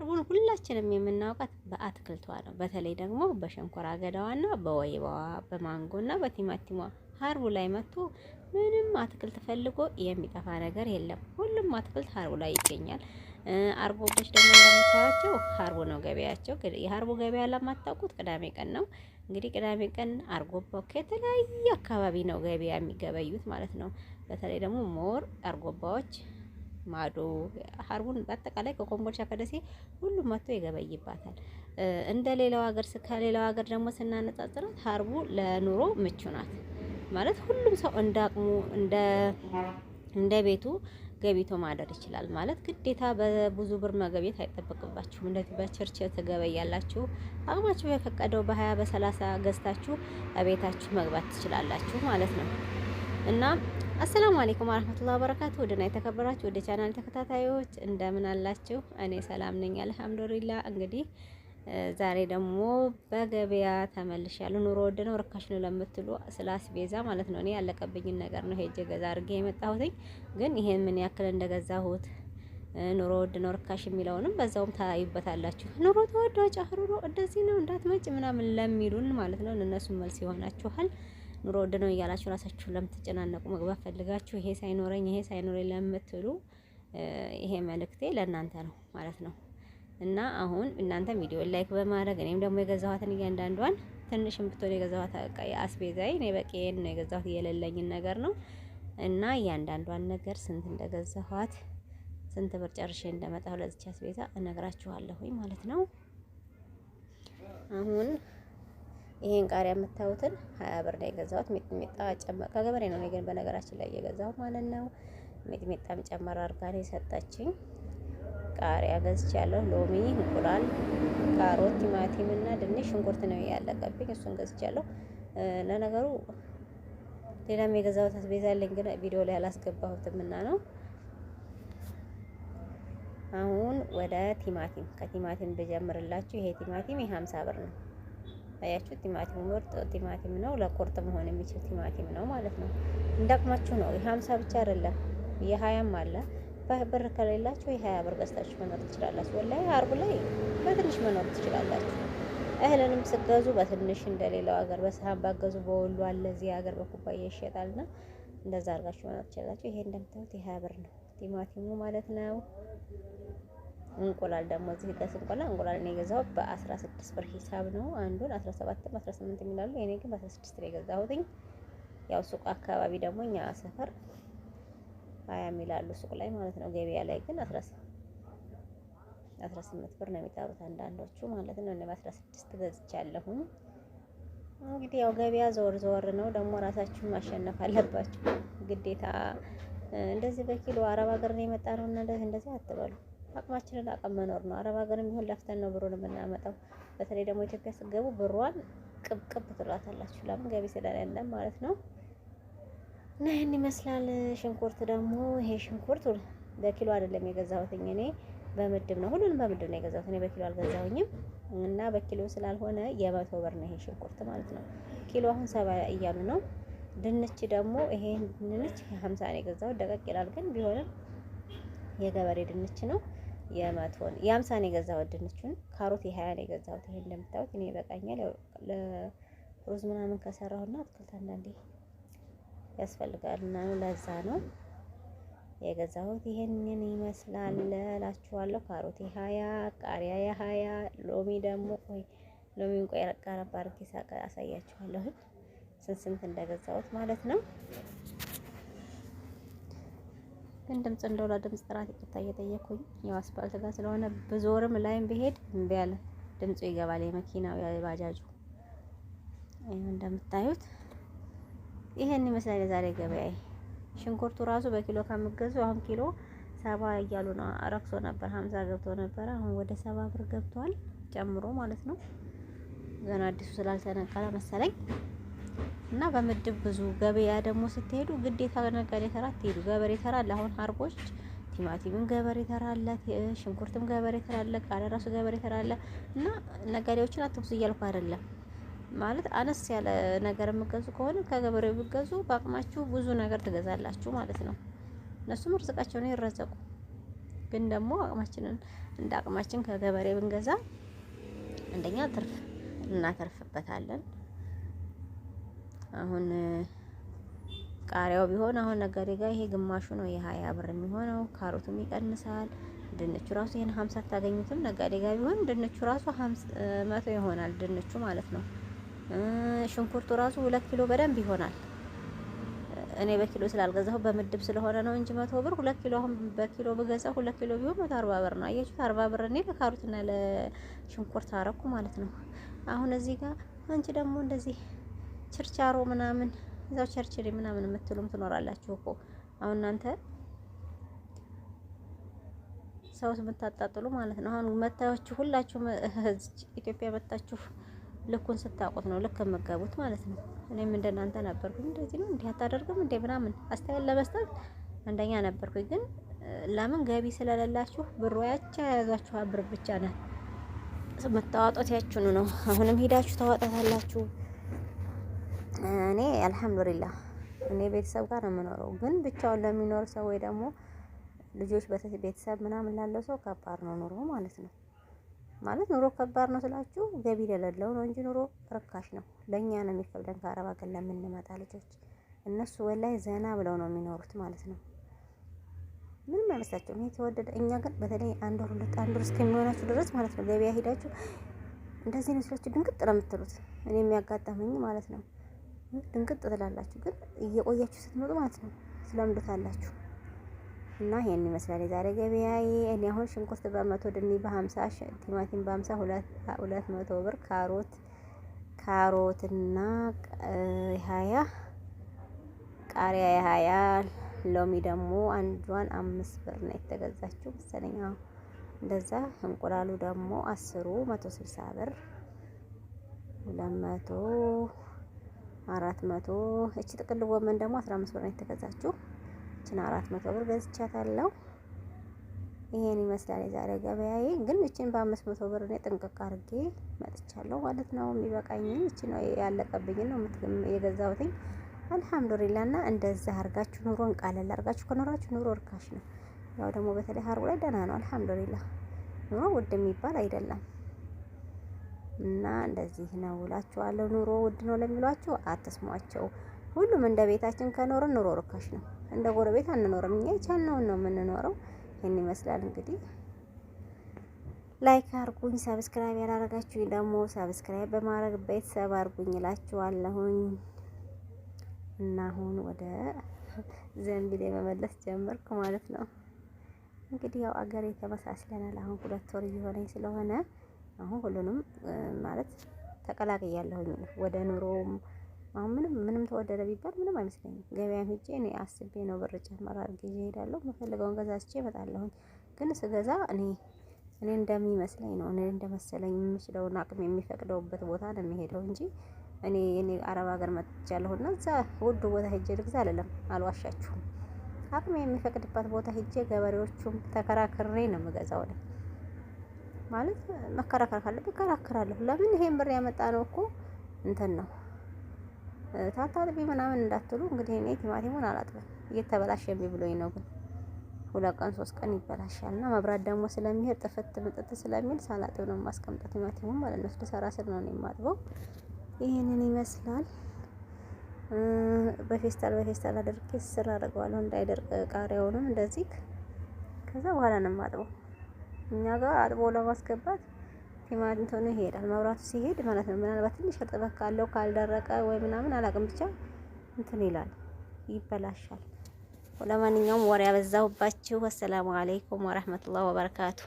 ሀርቡን ሁላችንም የምናውቃት በአትክልቷ ነው። በተለይ ደግሞ በሸንኮራ አገዳዋና በወይባዋ በማንጎና በቲማቲሟ ሀርቡ ላይ መጥቶ ምንም አትክልት ፈልጎ የሚጠፋ ነገር የለም። ሁሉም አትክልት ሀርቡ ላይ ይገኛል። አርቦቦች ደግሞ እንደምታያቸው ሀርቡ ነው ገበያቸው። የሀርቡ ገበያ ለማታውቁት ቅዳሜ ቀን ነው እንግዲህ ቅዳሜ ቀን አርጎባ ከተለያየ አካባቢ ነው ገበያ የሚገበዩት ማለት ነው። በተለይ ደግሞ ሞር አርጎባዎች ማዶ ሀርቡን በአጠቃላይ ከኮምቦልቻ ከደሴ ሁሉም መጥቶ ይገበይባታል። እንደ ሌላው ሀገር ከሌላው ሀገር ደግሞ ስናነጻጽራት ሀርቡ ለኑሮ ምቹ ናት ማለት ሁሉም ሰው እንደ አቅሙ እንደ እንደ ቤቱ ገቢቶ ማደር ይችላል ማለት ግዴታ በብዙ ብር መገቤት አይጠበቅባችሁም። እንደዚህ በቸርቸር ትገበያላችሁ። አቅማችሁ የፈቀደው በሀያ በሰላሳ ገዝታችሁ ቤታችሁ መግባት ትችላላችሁ ማለት ነው እና አሰላሙ አለይኩም ወራህመቱላሂ ወበረካቱ። ወደና የተከበራችሁ ወደ ቻናል ተከታታዮች እንደምን አላችሁ? እኔ ሰላም ነኝ አልሐምዱሊላህ። እንግዲህ ዛሬ ደግሞ በገበያ ተመልሻለሁ። ኑሮ ወድ ነው ርካሽ ነው ለምትሉ ስለ አስቤዛ ማለት ነው እኔ ያለቀብኝን ነገር ነው ሄጄ ገዛ አድርጌ የመጣሁትኝ። ግን ይሄን ምን ያክል እንደገዛሁት ኑሮ ውድ ነው ርካሽ የሚለውንም በዛውም ታዩበታላችሁ። ኑሮ ተወዷ ጨህሩ እንደዚህ ነው እንዳትመጭ ምናምን ለሚሉን ማለት ነው እነሱን መልስ ይሆናችኋል። ኑሮ ውድ ነው እያላችሁ ራሳችሁን ለምትጨናነቁ መግባት ፈልጋችሁ ይሄ ሳይኖረኝ ይሄ ሳይኖረኝ ለምትሉ ይሄ መልእክቴ ለእናንተ ነው ማለት ነው። እና አሁን እናንተ ቪዲዮ ላይክ በማድረግ እኔም ደግሞ የገዛኋትን እያንዳንዷን ትንሽም ብትሆን የገዛኋት በቃ እኔ በቂ ይሄን ነው የገዛኋት የሌለኝን ነገር ነው እና እያንዳንዷን ነገር ስንት እንደገዛኋት ስንት ብር ጨርሼ እንደመጣሁ ለዚች አስቤዛ እነግራችኋለሁኝ ማለት ነው አሁን ይሄን ቃሪያ የምታዩትን ሀያ ብር ላይ የገዛሁት ሚጥሚጣ ጨመር ከገበሬ ነው ግን በነገራችን ላይ የገዛሁት ማለት ነው። ሚጥሚጣም ጨመር አድርጋ ነው የሰጠችኝ። ቃሪያ ገዝቻለሁ። ሎሚ፣ እንቁላል፣ ካሮት፣ ቲማቲም እና ድንች፣ ሽንኩርት ነው ያለቀብኝ። እሱን ገዝቻለሁ። ለነገሩ ሌላም የገዛሁት አስቤዛ አለኝ ግን ቪዲዮ ላይ አላስገባሁትም እና ነው። አሁን ወደ ቲማቲም ከቲማቲም ብጀምርላችሁ ይሄ ቲማቲም የሀምሳ ብር ነው። አያችሁ፣ ቲማቲም ምርጥ ቲማቲም ነው። ለቁርጥ መሆን የሚችል ቲማቲም ነው ማለት ነው። እንዳቅማችሁ ነው። የሀምሳ ብቻ አይደለም የሀያም አለ። ብር ከሌላችሁ የሀያ ብር ገዝታችሁ መኖር ትችላላችሁ። ወላሂ አርቡ ላይ በትንሽ መኖር ትችላላችሁ። እህልንም ስገዙ በትንሽ እንደሌላው ሀገር በሰሃን ባገዙ በወሉ አለ እዚህ ሀገር በኩባያ ይሸጣልና እንደዛ አድርጋችሁ መኖር ትችላላችሁ። ይሄ እንደምታዩት የሀያ ብር ነው ቲማቲሙ ማለት ነው። እንቁላል ደግሞ እዚህ ድረስ እንቁላል እንቁላል ነው የገዛው በ16 ብር ሂሳብ ነው። አንዱን 17 18 የሚላሉ የኔ ግን በ16 ብር የገዛሁትኝ። ያው ሱቅ አካባቢ ደግሞ እኛ ሰፈር ሀያ የሚላሉ ሱቅ ላይ ማለት ነው። ገበያ ላይ ግን 18 ብር ነው የሚጠሩት አንዳንዶቹ ማለት ነው። እኔ በ16 ገዝቻለሁኝ። እንግዲህ ያው ገበያ ዘወር ዘወር ነው ደግሞ ራሳችሁን ማሸነፍ አለባችሁ ግዴታ። እንደዚህ በኪሎ አረብ ሀገር ነው የመጣ ነው እና እንደዚህ አትበሉ። አቅማችንን አቅም መኖር ነው። አረብ ሀገርም ቢሆን ለፍተን ነው ብሩን የምናመጣው። በተለይ ደግሞ ኢትዮጵያ ስትገቡ ብሯን ቅብቅብ ትሏታላችሁ። ለምን ገቢ ስለሌለ ማለት ነው። እና ይህን ይመስላል። ሽንኩርት ደግሞ ይሄ ሽንኩርት በኪሎ አይደለም የገዛሁትኝ እኔ በምድብ ነው። ሁሉንም በምድብ ነው የገዛሁት እኔ በኪሎ አልገዛሁኝም። እና በኪሎ ስላልሆነ የመቶ ብር ነው ይሄ ሽንኩርት ማለት ነው። ኪሎ አሁን ሰባ እያሉ ነው። ድንች ደግሞ ይሄን ድንች ሀምሳ ነው የገዛሁት። ደቀቅ ይላል ግን ቢሆንም የገበሬ ድንች ነው። የመቶ የአምሳ ነው የገዛሁት ድንቹን። ካሮት የሀያ ነው የገዛሁት። ይሄ እንደምታዩት እኔ ይበቃኛል። ለሩዝ ምናምን ከሰራሁና አትክልት አንዳንዴ ያስፈልጋል እና ለዛ ነው የገዛሁት። ይሄንን ይመስላል እላችኋለሁ። ካሮት የሀያ ቃሪያ የሀያ ሎሚ ደግሞ ቆይ ሎሚውን ቆይ ቀረብ አድርጌ አሳያችኋለሁ ስንት ስንት እንደገዛሁት ማለት ነው። ግን ድምፅ እንደውላ ድምፅ ጥራት ይቅርታ እየጠየኩኝ ያው አስፋልት ጋር ስለሆነ ብዞርም ላይም ብሄድ እምቢ አለ። ድምፁ ይገባል የመኪናው የባጃጁ። ይህ እንደምታዩት ይሄን ይመስላል የዛሬ ገበያ። ሽንኩርቱ ራሱ በኪሎ ከምገዙ አሁን ኪሎ ሰባ እያሉ ነው። ረክሶ ነበር ሀምሳ ገብቶ ነበረ። አሁን ወደ ሰባ ብር ገብቷል ጨምሮ ማለት ነው። ገና አዲሱ ስላልተነቀለ መሰለኝ እና በምድብ ብዙ ገበያ ደግሞ ስትሄዱ ግዴታ ነጋዴ ተራ ትሄዱ። ገበሬ ተራ አለ። አሁን ሀርቦች ቲማቲምም ገበሬ ተራ አለ፣ ሽንኩርትም ገበሬ ተራ አለ፣ ቃሪያ ራሱ ገበሬ ተራ አለ። እና ነጋዴዎችን አትብዙ እያልኩ አይደለም ማለት አነስ ያለ ነገር የምገዙ ከሆነ ከገበሬው ብገዙ በአቅማችሁ ብዙ ነገር ትገዛላችሁ ማለት ነው። እነሱም እርዝቃቸው ነው ይረዘቁ። ግን ደግሞ አቅማችንን እንደ አቅማችን ከገበሬ ብንገዛ አንደኛ ትርፍ እናተርፍበታለን። አሁን ቃሪያው ቢሆን አሁን ነጋዴ ጋር ይሄ ግማሹ ነው የሀያ ብር የሚሆነው። ካሮቱም ይቀንሳል። ድንቹ ራሱ ይሄን 50 አታገኙትም። ነጋዴ ጋር ቢሆን ድንቹ ራሱ 100 ይሆናል። ድንቹ ማለት ነው። ሽንኩርቱ ራሱ ሁለት ኪሎ በደንብ ይሆናል። እኔ በኪሎ ስላልገዛሁ በምድብ ስለሆነ ነው እንጂ መቶ ብር ሁለት ኪሎ አሁን በኪሎ ብገዛ ሁለት ኪሎ ቢሆን መቶ አርባ ብር ነው። አያችሁት? አርባ ብር እኔ ለካሮትና ለሽንኩርት አረኩ ማለት ነው። አሁን እዚህ ጋር አንቺ ደግሞ እንደዚህ ችርቻሮ ምናምን እዛው ቸርችሬ ምናምን የምትሉም ትኖራላችሁ እኮ። አሁን እናንተ ሰው የምታጣጥሉ ማለት ነው። አሁን መታችሁ ሁላችሁ ኢትዮጵያ መታችሁ ልኩን ስታውቁት ነው ልክ የምገቡት ማለት ነው። እኔም እንደናንተ ነበርኩኝ። እንደዚህ ነው እንዲህ አታደርግም እንዴ ምናምን አስተያየት ለመስጠት አንደኛ ነበርኩኝ። ግን ለምን ገቢ ስለሌላችሁ ብሮ ያቻ የያዛችሁ አብር ብቻ ነ መታዋጦት ያችኑ ነው። አሁንም ሂዳችሁ ታዋጣታላችሁ። እኔ አልሐምዱሊላ እኔ ቤተሰብ ጋር ነው የምኖረው። ግን ብቻውን ለሚኖር ሰው ወይ ደግሞ ልጆች ቤተሰብ ምናምን ላለው ሰው ከባድ ነው ኑሮ ማለት ነው። ማለት ኑሮ ከባድ ነው ስላችሁ ገቢ ለሌለው ነው እንጂ ኑሮ ርካሽ ነው። ለእኛ ነው የሚከብደን ከአረብ ሀገር ለምንመጣ ልጆች። እነሱ ወላይ ዘና ብለው ነው የሚኖሩት ማለት ነው። ምንም አይመስላቸውም። ይህ ተወደደ። እኛ ግን በተለይ አንድ ወር ሁለት አንድ ወር እስከሚሆናችሁ ድረስ ማለት ነው ገበያ ሄዳችሁ እንደዚህ ነው ስላችሁ ድንቅጥ ነው የምትሉት። እኔ የሚያጋጠመኝ ማለት ነው ድንቅጥ ትላላችሁ። ግን እየቆያችሁ ስትመጡ ማለት ነው ስለምልታላችሁ እና ይሄን ይመስላል የዛሬ ገበያዬ። እኔ አሁን ሽንኩርት በመቶ ድኒ በ50 ቲማቲም በ50 ሁለት መቶ ብር ካሮት ካሮት እና ሀያ ቃሪያ የሀያ ሎሚ ደግሞ አንዷን አምስት ብር ነው የተገዛችው መሰለኝ። እንደዛ እንቁላሉ ደግሞ አስሩ መቶ ስልሳ ብር ሁለት መቶ አራት መቶ እቺ ጥቅል ወመን ደግሞ 15 ብር ነው የተገዛችው። እቺን አራት መቶ ብር ገዝቻታለሁ። ይሄን ይመስላል የዛሬ ገበያዬ። ግን እቺን በአምስት መቶ ብር ነው ጥንቅቅ አድርጌ መጥቻለሁ ማለት ነው። የሚበቃኝ እቺ ነው ያለቀብኝ ነው የገዛሁትኝ። አልሐምዱሊላህ እና እንደዛ አርጋችሁ ኑሮን ቃለል አርጋችሁ ከኖራችሁ ኑሮ እርካሽ ነው። ያው ደግሞ በተለይ ሀርቡ ላይ ደህና ነው። አልሐምዱሊላህ ኑሮ ውድ የሚባል አይደለም። እና እንደዚህ ነው እላችኋለሁ። ኑሮ ውድ ነው ለሚሏችሁ አትስሟቸው። ሁሉም እንደ ቤታችን ከኖርን ኑሮ ርካሽ ነው። እንደ ጎረቤት አንኖርም። እኛ የቻልነውን ነው የምንኖረው። ይህን ይመስላል እንግዲህ። ላይክ አርጉኝ። ሰብስክራይብ ያላረጋችሁ ደግሞ ሰብስክራይብ በማድረግ ቤተሰብ አርጉኝ እላችኋለሁኝ። እና አሁን ወደ ዘንቢል መመለስ ጀመርኩ ማለት ነው። እንግዲህ ያው አገሬ ተመሳስለናል። አሁን ሁለት ወር እየሆነኝ ስለሆነ አሁን ሁሉንም ማለት ተቀላቅያለሁኝ ወደ ኑሮውም አሁን ምንም ምንም ተወደደ ቢባል ምንም አይመስለኝም። ገበያም ሄጄ እኔ አስቤ ነው ብር ጨምር አድርጌ እሄዳለሁ። የምፈልገውን ገዛ አስቼ እመጣለሁኝ። ግን ስገዛ እኔ እኔ እንደሚመስለኝ ነው እኔ እንደመሰለኝ የምችለውን አቅም የሚፈቅደውበት ቦታ ነው የሚሄደው እንጂ እኔ እኔ አረብ ሀገር መጥቻለሁና እዛ ውድ ቦታ ሄጄ ልግዛ አልልም፣ አልዋሻችሁም። አቅም የሚፈቅድበት ቦታ ሄጄ ገበሬዎቹም ተከራክሬ ነው የምገዛው። ማለት መከራከር ካለብህ እከራከራለሁ። ለምን ይሄን ብር ያመጣ ነው እኮ እንትን ነው ታታጥቢ ምናምን እንዳትሉ እንግዲህ እኔ ቲማቲሙን አላጥብም እየተበላሸ የሚብሎኝ ነው። ግን ሁለት ቀን ሶስት ቀን ይበላሻል እና መብራት ደግሞ ስለሚሄድ ጥፍት ምጥት ስለሚል ሳላጥብ ነው የማስቀምጠው ቲማቲሙን ማለት ነው። ስለሰራ ስል ነው የማጥበው። ይህንን ይመስላል። በፌስታል በፌስታል አድርጌ ስር አድርገዋለሁ እንዳይደርቅ ቃሪያውንም እንደዚህ ከዛ በኋላ ነው የማጥበው። እኛ ጋር አጥቦ ለማስገባት ቲማቲም ሆኖ ይሄዳል። መብራቱ ሲሄድ ማለት ነው። ምናልባት ትንሽ እርጥበት ካለው ካልደረቀ ወይ ምናምን አላውቅም፣ ብቻ እንትን ይላል፣ ይበላሻል። ለማንኛውም ወሬ ያበዛሁባችሁ። አሰላሙ አለይኩም ወረህመቱላህ ወበረካቱ።